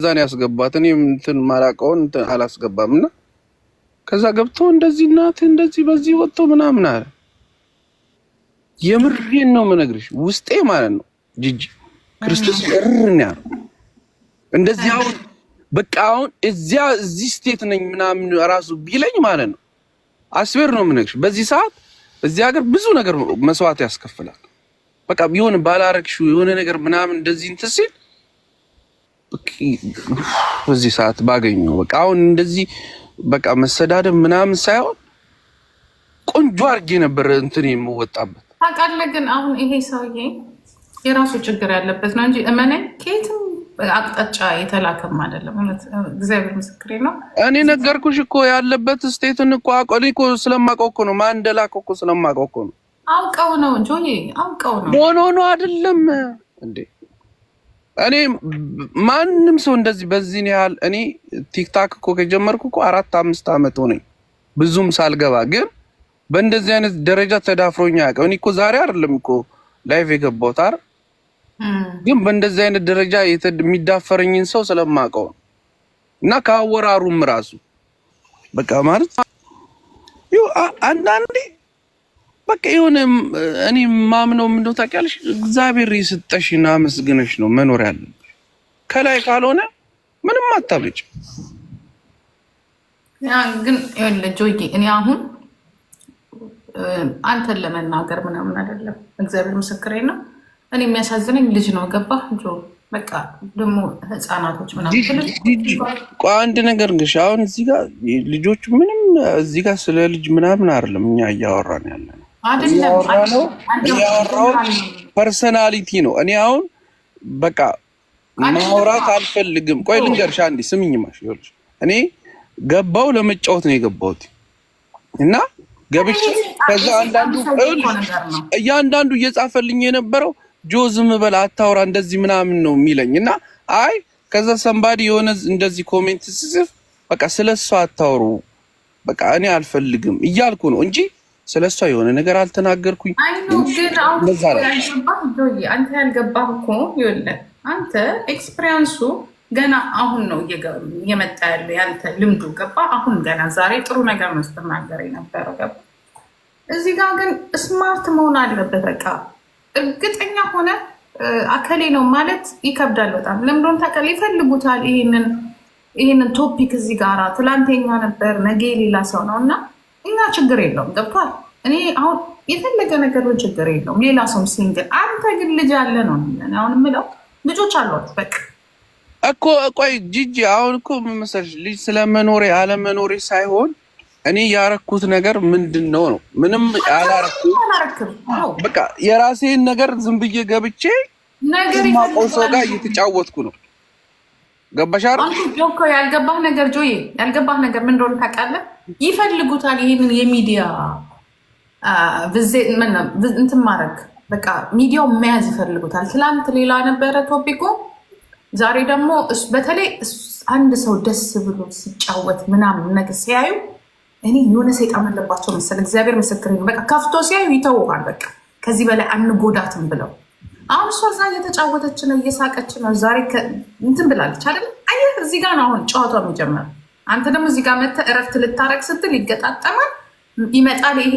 እዛ ነው ያስገባት። እኔም እንትን ማላውቀውን አላስገባም እና ከዛ ገብቶ እንደዚህ እናት እንደዚህ በዚህ ወጥቶ ምናምን አለ። የምሬን ነው የምነግርሽ፣ ውስጤ ማለት ነው ጅጅ ክርስቶስ እርን ያ እንደዚህ አሁን በቃ አሁን እዚያ እዚህ ስቴት ነኝ ምናምን ራሱ ቢለኝ ማለት ነው አስቤር ነው የምነግርሽ። በዚህ ሰዓት እዚህ ሀገር ብዙ ነገር መስዋዕት ያስከፍላል። በቃ የሆነ ባላረግሽው የሆነ ነገር ምናምን እንደዚህ እንትን ሲል በዚህ ሰዓት ባገኘው በቃ አሁን እንደዚህ በቃ መሰዳደብ ምናምን ሳይሆን ቆንጆ አድርጌ ነበር እንትን የምወጣበት ታውቃለህ። ግን አሁን ይሄ ሰውዬ የራሱ ችግር ያለበት ነው እንጂ እመነኝ ከየትም አቅጣጫ የተላከም አይደለም። እግዚአብሔር ምስክሬ ነው። እኔ ነገርኩሽ እኮ ያለበት ስቴትን እኮ እኔ እኮ ነው። ማን እንደላከው እኮ ነው። አውቀው ነው እንጂ አውቀው ነው። ኖ ኖ አይደለም እንዴ እኔ ማንም ሰው እንደዚህ በዚህን ያህል እኔ ቲክታክ እኮ ከጀመርኩ እኮ አራት አምስት ዓመት ሆነኝ ብዙም ሳልገባ፣ ግን በእንደዚህ አይነት ደረጃ ተዳፍሮኛ ያውቀው እኔ እኮ ዛሬ አይደለም እኮ ላይፍ የገባሁት አይደል? ግን በእንደዚህ አይነት ደረጃ የሚዳፈረኝን ሰው ስለማውቀው እና ከአወራሩም ራሱ በቃ ማለት አንዳንዴ በቃ የሆነ እኔ ማምነው ምንድነው ታውቂያለሽ፣ እግዚአብሔር እና አመስግነሽ ነው መኖር ያለብሽ። ከላይ ካልሆነ ምንም አታብጭ። ግን ጆዬ እኔ አሁን አንተን ለመናገር ምናምን አይደለም፣ እግዚአብሔር ምስክሬ ነው። እኔ የሚያሳዝነኝ ልጅ ነው። ገባህ ጆ? በቃ ደግሞ ህፃናቶች ምናምን አንድ ነገር ግሽ አሁን እዚህ ጋር ልጆቹ ምንም እዚህ ጋር ስለ ልጅ ምናምን አይደለም እኛ እያወራን ያለ ነው። ያወራው ፐርሰናሊቲ ነው። እኔ አሁን በቃ ማውራት አልፈልግም። ቆይ ልንገርሽ አንዴ ስምኝ ማሽ ይኸውልሽ፣ እኔ ገባው ለመጫወት ነው የገባሁት እና ገብቼ ከዛ አንዳንዱ እያንዳንዱ እየጻፈልኝ የነበረው ጆ ዝም በል አታውራ እንደዚህ ምናምን ነው የሚለኝ እና አይ ከዛ ሰንባዲ የሆነ እንደዚህ ኮሜንት ስጽፍ በቃ ስለሷ አታውሩ በቃ እኔ አልፈልግም እያልኩ ነው እንጂ ስለ እሷ የሆነ ነገር አልተናገርኩኝ። አንተ ያልገባህ እኮ ይኸውልህ፣ አንተ ኤክስፔሪንሱ ገና አሁን ነው እየመጣ ያለ ያንተ ልምዱ ገባ። አሁን ገና ዛሬ ጥሩ ነገር ነው ስትናገር የነበረው ገባ። እዚህ ጋር ግን ስማርት መሆን አለበት። በቃ እርግጠኛ ሆነ አከሌ ነው ማለት ይከብዳል በጣም። ለምዶን ታቀል ይፈልጉታል። ይህንን ቶፒክ እዚህ ጋራ ትላንተኛ ነበር ነገ ሌላ ሰው ነው እና እኛ ችግር የለውም ገብቷል። እኔ አሁን የፈለገ ነገር ችግር የለውም። ሌላ ሰው ሲንግል፣ አንተ ግን ልጅ አለ ነው አሁን የምለው ልጆች አሏት በቃ እኮ ቆይ ጂጂ አሁን እኮ ምን መሰለሽ ልጅ ስለመኖሬ አለመኖሬ ሳይሆን እኔ ያረኩት ነገር ምንድን ነው ነው ምንም አላረኩም። በቃ የራሴን ነገር ዝም ብዬ ገብቼ ማቆሶ ጋር እየተጫወትኩ ነው። ገባሽ እኮ ያልገባህ ነገር ጆ ያልገባህ ነገር ምን እንደሆነ ታውቃለህ? ይፈልጉታል ይህንን የሚዲያ እንትን ማድረግ በቃ ሚዲያው መያዝ ይፈልጉታል። ትላንት ሌላ ነበረ ቶፒኩ፣ ዛሬ ደግሞ በተለይ አንድ ሰው ደስ ብሎ ሲጫወት ምናምን ነገር ሲያዩ እኔ የሆነ ሰይጣን አለባቸው መሰለህ። እግዚአብሔር ምስክር በቃ ከፍቶ ሲያዩ ይተውዋል። በቃ ከዚህ በላይ አንጎዳትም ብለው አሁን እሷ እዛ እየተጫወተች ነው፣ እየሳቀች ነው። ዛሬ እንትን ብላለች አይደል? አየህ፣ እዚህ ጋር ነው አሁን ጨዋታው የሚጀመረው። አንተ ደግሞ እዚህ ጋር መተህ እረፍት ልታረግ ስትል ይገጣጠማል፣ ይመጣል ይሄ